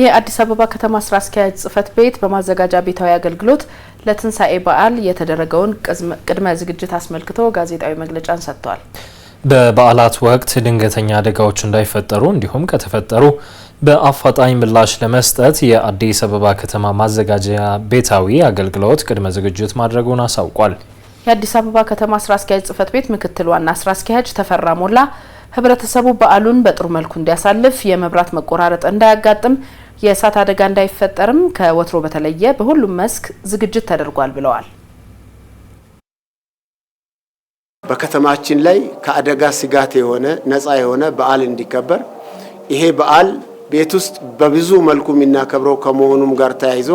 የአዲስ አበባ ከተማ ስራ አስኪያጅ ጽህፈት ቤት በማዘጋጃ ቤታዊ አገልግሎት ለትንሳኤ በዓል የተደረገውን ቅድመ ዝግጅት አስመልክቶ ጋዜጣዊ መግለጫን ሰጥቷል። በበዓላት ወቅት ድንገተኛ አደጋዎች እንዳይፈጠሩ እንዲሁም ከተፈጠሩ በአፋጣኝ ምላሽ ለመስጠት የአዲስ አበባ ከተማ ማዘጋጃ ቤታዊ አገልግሎት ቅድመ ዝግጅት ማድረጉን አሳውቋል። የአዲስ አበባ ከተማ ስራ አስኪያጅ ጽህፈት ቤት ምክትል ዋና ስራ አስኪያጅ ተፈራ ሞላ ህብረተሰቡ በዓሉን በጥሩ መልኩ እንዲያሳልፍ፣ የመብራት መቆራረጥ እንዳያጋጥም የእሳት አደጋ እንዳይፈጠርም ከወትሮ በተለየ በሁሉም መስክ ዝግጅት ተደርጓል ብለዋል። በከተማችን ላይ ከአደጋ ስጋት የሆነ ነፃ የሆነ በዓል እንዲከበር ይሄ በዓል ቤት ውስጥ በብዙ መልኩ የሚናከብረው ከመሆኑም ጋር ተያይዞ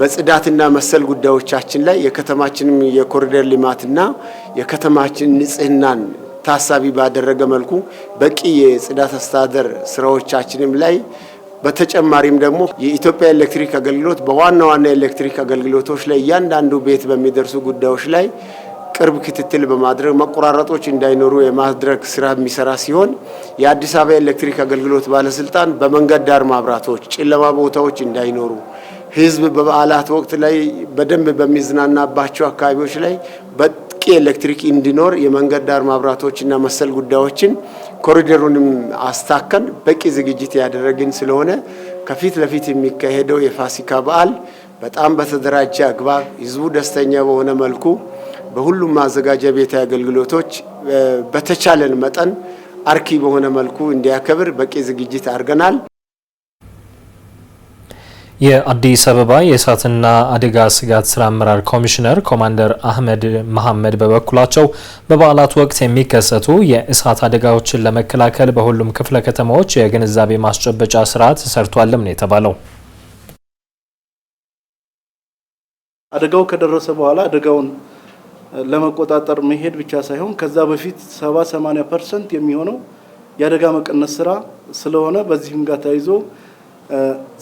በጽዳትና መሰል ጉዳዮቻችን ላይ የከተማችንም የኮሪደር ልማትና የከተማችን ንጽህናን ታሳቢ ባደረገ መልኩ በቂ የጽዳት አስተዳደር ስራዎቻችንም ላይ በተጨማሪም ደግሞ የኢትዮጵያ ኤሌክትሪክ አገልግሎት በዋና ዋና ኤሌክትሪክ አገልግሎቶች ላይ እያንዳንዱ ቤት በሚደርሱ ጉዳዮች ላይ ቅርብ ክትትል በማድረግ መቆራረጦች እንዳይኖሩ የማድረግ ስራ የሚሰራ ሲሆን የአዲስ አበባ ኤሌክትሪክ አገልግሎት ባለስልጣን በመንገድ ዳር መብራቶች፣ ጨለማ ቦታዎች እንዳይኖሩ ህዝብ በበዓላት ወቅት ላይ በደንብ በሚዝናናባቸው አካባቢዎች ላይ ኤሌክትሪክ እንዲኖር የመንገድ ዳር መብራቶችና መሰል ጉዳዮችን ኮሪደሩንም አስታከን በቂ ዝግጅት ያደረግን ስለሆነ ከፊት ለፊት የሚካሄደው የፋሲካ በዓል በጣም በተደራጀ አግባብ ህዝቡ ደስተኛ በሆነ መልኩ በሁሉም ማዘጋጃ ቤት አገልግሎቶች በተቻለን መጠን አርኪ በሆነ መልኩ እንዲያከብር በቂ ዝግጅት አድርገናል። የአዲስ አበባ የእሳትና አደጋ ስጋት ስራ አመራር ኮሚሽነር ኮማንደር አህመድ መሐመድ በበኩላቸው በበዓላት ወቅት የሚከሰቱ የእሳት አደጋዎችን ለመከላከል በሁሉም ክፍለ ከተማዎች የግንዛቤ ማስጨበጫ ስራ ተሰርቷልም ነው የተባለው። አደጋው ከደረሰ በኋላ አደጋውን ለመቆጣጠር መሄድ ብቻ ሳይሆን ከዛ በፊት 70 80 ፐርሰንት የሚሆነው የአደጋ መቀነስ ስራ ስለሆነ በዚህም ጋር ተያይዞ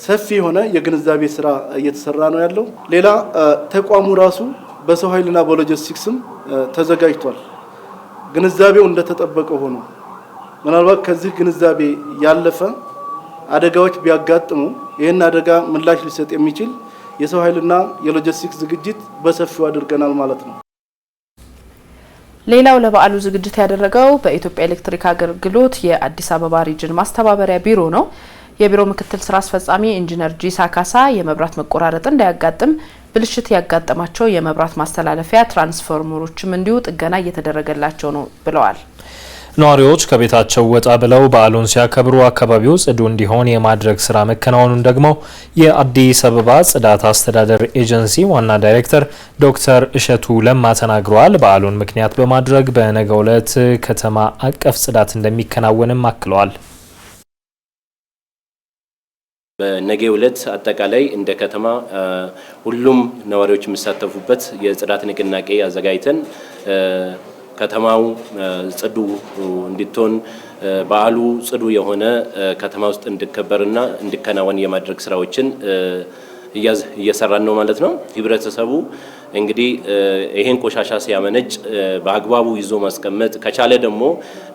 ሰፊ የሆነ የግንዛቤ ስራ እየተሰራ ነው ያለው። ሌላ ተቋሙ ራሱ በሰው ኃይልና በሎጂስቲክስም ተዘጋጅቷል። ግንዛቤው እንደተጠበቀ ሆኖ ምናልባት ከዚህ ግንዛቤ ያለፈ አደጋዎች ቢያጋጥሙ ይህን አደጋ ምላሽ ሊሰጥ የሚችል የሰው ኃይልና የሎጂስቲክስ ዝግጅት በሰፊው አድርገናል ማለት ነው። ሌላው ለበዓሉ ዝግጅት ያደረገው በኢትዮጵያ ኤሌክትሪክ አገልግሎት የአዲስ አበባ ሪጅን ማስተባበሪያ ቢሮ ነው። የቢሮ ምክትል ስራ አስፈጻሚ ኢንጂነር ጂሳ ካሳ የመብራት መቆራረጥ እንዳያጋጥም ብልሽት ያጋጠማቸው የመብራት ማስተላለፊያ ትራንስፎርመሮችም እንዲሁ ጥገና እየተደረገላቸው ነው ብለዋል። ነዋሪዎች ከቤታቸው ወጣ ብለው በዓሉን ሲያከብሩ አካባቢው ጽዱ እንዲሆን የማድረግ ስራ መከናወኑን ደግሞ የአዲስ አበባ ጽዳት አስተዳደር ኤጀንሲ ዋና ዳይሬክተር ዶክተር እሸቱ ለማ ተናግረዋል። በዓሉን ምክንያት በማድረግ በነገው ዕለት ከተማ አቀፍ ጽዳት እንደሚከናወንም አክለዋል። በነገ ዕለት አጠቃላይ እንደ ከተማ ሁሉም ነዋሪዎች የሚሳተፉበት የጽዳት ንቅናቄ አዘጋጅተን ከተማው ጽዱ እንድትሆን በዓሉ ጽዱ የሆነ ከተማ ውስጥ እንዲከበርና እንዲከናወን የማድረግ ስራዎችን እየሰራን ነው ማለት ነው። ህብረተሰቡ እንግዲህ ይሄን ቆሻሻ ሲያመነጭ በአግባቡ ይዞ ማስቀመጥ ከቻለ ደግሞ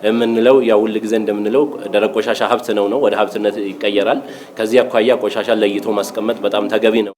የምንለው ያ ሁል ጊዜ እንደምንለው ደረቅ ቆሻሻ ሀብት ነው ነው ወደ ሀብትነት ይቀየራል። ከዚህ አኳያ ቆሻሻ ለይቶ ማስቀመጥ በጣም ተገቢ ነው።